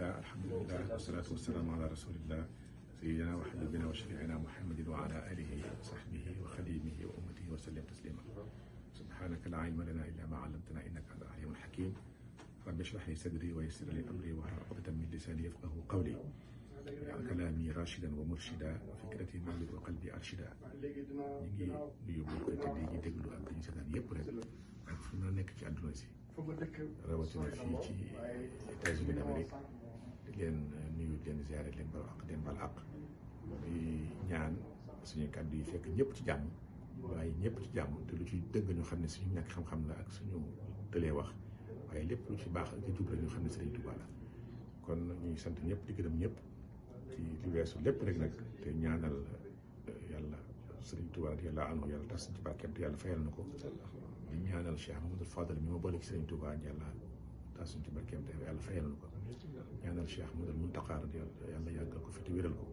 لله الحمد لله والصلاة والسلام على رسول الله سيدنا وحبيبنا وشفيعنا محمد وعلى آله وصحبه وخديمه وأمته وسلم تسليما سبحانك لا علم لنا إلا ما علمتنا إنك أنت العليم الحكيم رب اشرح لي صدري ويسر لي أمري واحلل عقدة من لساني يفقه قولي يا كلامي راشدا ومرشدا وفكرتي مالك وقلبي أرشدا ñu ngi nuyu mbokk tëdd yi ñu déglu ak dañu seetaan yëpp rek ak fu leen nuyu leen ziare leen bal ak leen bal ak di ñaan suñu kàddu yi fekk ñëpp ci jàmm waaye ñëpp ci jàmm te lu ci dëgg ñu xam suñu ñàkk xam-xam la ak suñu tëlee wax waaye lu ci baax ak ci ñu xam ne Sëriñ la kon ñuy sant ñëpp di gërëm ñëpp ci li weesu lépp rek nag te ñaanal eh, yàlla Sëriñ Tuubaa radiyallaahu tas ci barkeem te yàlla fayal na ko di ñaanal Cheikh Mamadou Fadal mi ma boole ci tas ci barkeem te yàlla fayal na الشيخ مودال منتقى رضي الله يعطيك في تبيرلكو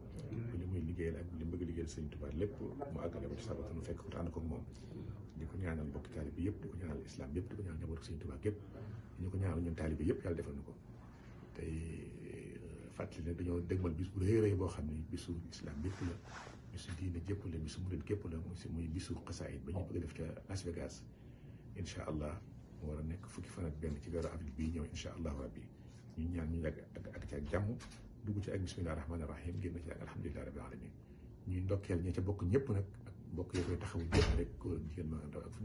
اللي موي ليغيال اك لي بغي ليغيال سيرن توبا ليب ما اكل ما تصابت نو فك تانك موم ديكو نيانال بوك طالب ييب ديكو نيانال الاسلام ييب ديكو نيانال نبر سيرن توبا كيب نيكو نيانال نيون طالب ييب يال ديفال نكو تاي فاتلي ني دانيو دغمال بيس بو ري ري بو خامي بيسو الاسلام ييب لا بيسو دينا جيب لا بيسو مودن كيب لا موي بيسو قصايد با ني بغي ديف تا لاس فيغاس ان شاء الله ورا نيك فوكي فانك بن تي غارو ابيل بي نيو ان شاء الله ربي ñu ñaan ñu yàgg ak ak jàmm dugg ci ak bismillah rahmaani rahim génn ci ak alhamdulilah rabbil alamin ñuy ndokkeel ñi ca bokk ñëpp nag ak bokk yi koy taxawu ñëpp ma ndaw ak fu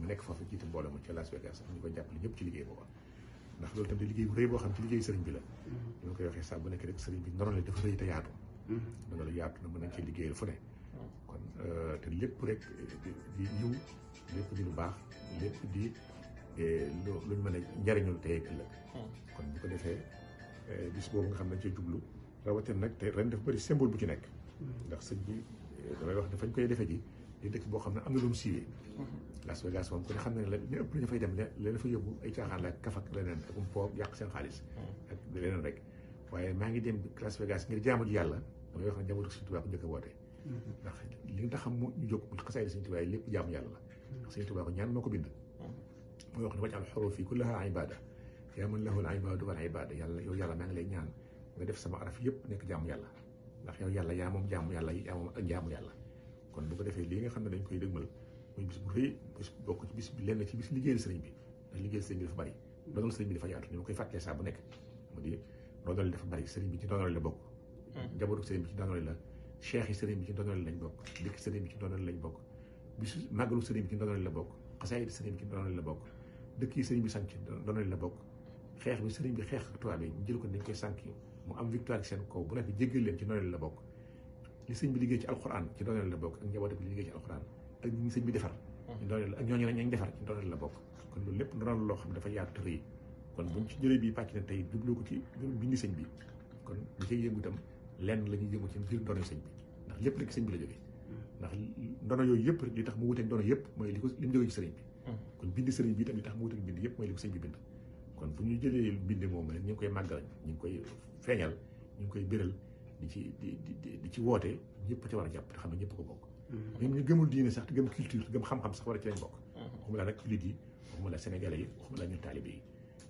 mu nekk foofu jiite mbooloo mi ca Las Vegas ñu koy jàppale ñëpp ci liggéey booba ndax loolu tam di liggéey bu rëy boo xam ci liggéey sëriñ bi la ñu mm-hmm. ma koy waxee saa bu nekk rek sëriñ bi noonu la dafa rëy te yaatu mm-hmm. danga la yaatu na mën nañ ci liggéeyal fu ne mm-hmm. kon euh, te lépp rek di yiw lépp di lu luñ mën a njariñul tey ak kon bu ko defee bis boobu nga xam ne ci jublu rawatina nag te ren dafa bëri symbole bu ci nekk ndax sëñ bi damay wax ne fañ koy defe ji di dëkk boo xam ne am na lu mu siiwee Las Vegas moom ko ne xam ne li ëpp la ñu fay dem la fa yóbbu ay caaxaan la kafak leneen ak um po yàq seen xaalis ak leneen rek waaye maa ngi dem Las Vegas ngir jaamu ji yàlla damay wax ne jaamu Sëñ Tuubaa ko njëkk a woote ndax li nga xam mu ñu jóg xasaay Sëñ Tuubaa lépp jaamu yàlla la ndax Sëñ ko ñaan moo bind mooy wax ne waj al xuruf yi kullaha ibada yaa man lahu al ibadu wal ibada yàlla yow yàlla maa ngi lay ñaan nga def sama araf yëpp nekk jaamu yàlla ndax yow yàlla yaa moom jaamu yàlla yaa moom ak jaamu yàlla kon bu ko defee lii nga xam ne dañ koy dëgmal muy bis bu rëy bis bokk ci bis bi lenn ci bis liggéeyal sëriñ bi ndax liggéeyal sëriñ bi dafa bari doonal sëriñ bi dafa yaatu ni ma koy fàttee saa bu nekk mu di doonal dafa bari sëriñ bi ci doonal la bokk njabootu sëriñ bi ci doonal la cheikh yi sëriñ bi ci doonal lañ bokk dëkk sëriñ bi ci doonal lañ bokk bisu màggalu sëriñ bi ci doonal la bokk xasaayit sëriñ bi ci doonal la bokk dëkk yi sëñ bi sànc doonal la bokk xeex bi sëriñ bi xeex ak tubaab yi ko nañ koy sànq mu am victoire seen kaw bu leen ci doonal la bokk li sëriñ bi liggéey ci alxuraan ci doonal la bokk ak njaboot bi liggéey ci alxuraan ak ñi sëriñ bi defar ñu doonal ak ñooñu nañ defar ci doonal la bokk kon loolu lépp doonal loo xam ne dafa yaatu tërëyi kon buñ ci bi pàcc na tey jublu ko ci bindi sëñ bi kon li cay yëngu itam lenn la ñuy yëngu ci biir doonal sëñ bi ndax lépp rek sëñ bi la jógee ndax ndono yooyu yëpp li tax mu wuteeg ndono yëpp mooy li ko li mu jógee ci sëriñ bi kon bind sëriñ bi tamit tax mu wuteeg bind ko sëriñ bi bind kon bind moom rek ñu koy màggal ñu ngi koy feeñal ñu koy béral ci di di di ci woote ñëpp ci war jàpp xam ne ñëpp ko bokk. Mm-hmm. même ñu gëmul diine sax te gëm culture gëm xam-xam sax war a ci lañ bokk. Mm-hmm. waxuma la nag jullit yi waxuma la sénégalais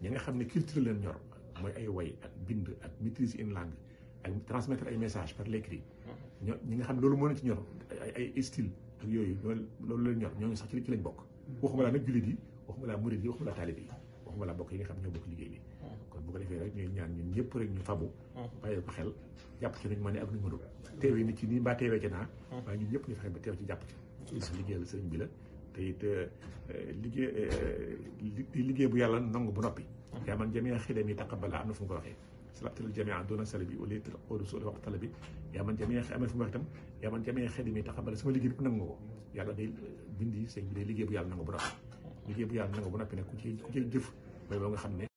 nga xam ne culture leen ñor mooy ay way ak bind ak maîtriser une langue ak transmettre ay message par l'écrit mm-hmm. ñoo ñi nga xam loolu moo leen ci ñor ay ay style ak yooyu loolu loolu leen ñor ñooñu sax ci ci lañ bokk waxuma laa nag jullit yi waxuma laa murid yi waxuma laa yi waxuma bokk yi nga xam ñoo bokk liggéey bi kon bu ko defee rek ñuy ñaan ñun ñëpp rek ñu fabu bàyyi ko xel jàpp ci nuñ mënee ak nuñ mënul teewee nit ci nii mbaa teewee ci naa waaye ñun ñëpp ñu fexe ba teew ci jàpp ci ndax liggéeyal sëriñ bi la te it euh, liggéey euh, liggéey bu yàlla nangu bu noppi mm-hmm. yaa man jamee xidam taq taqabbala am na fu mu ko waxee سلبت الجميع دون سلبي وليت اول سؤال وقت طلبي يا من جميع امل في وقتم يا من جميع خدمي تقبل سما ليغي نانغو يالا دي بندي سيغ دي ليغي بو يالا نانغو برا ليغي بو يالا نانغو بو نابي نك كو جيف باي بو nga xamne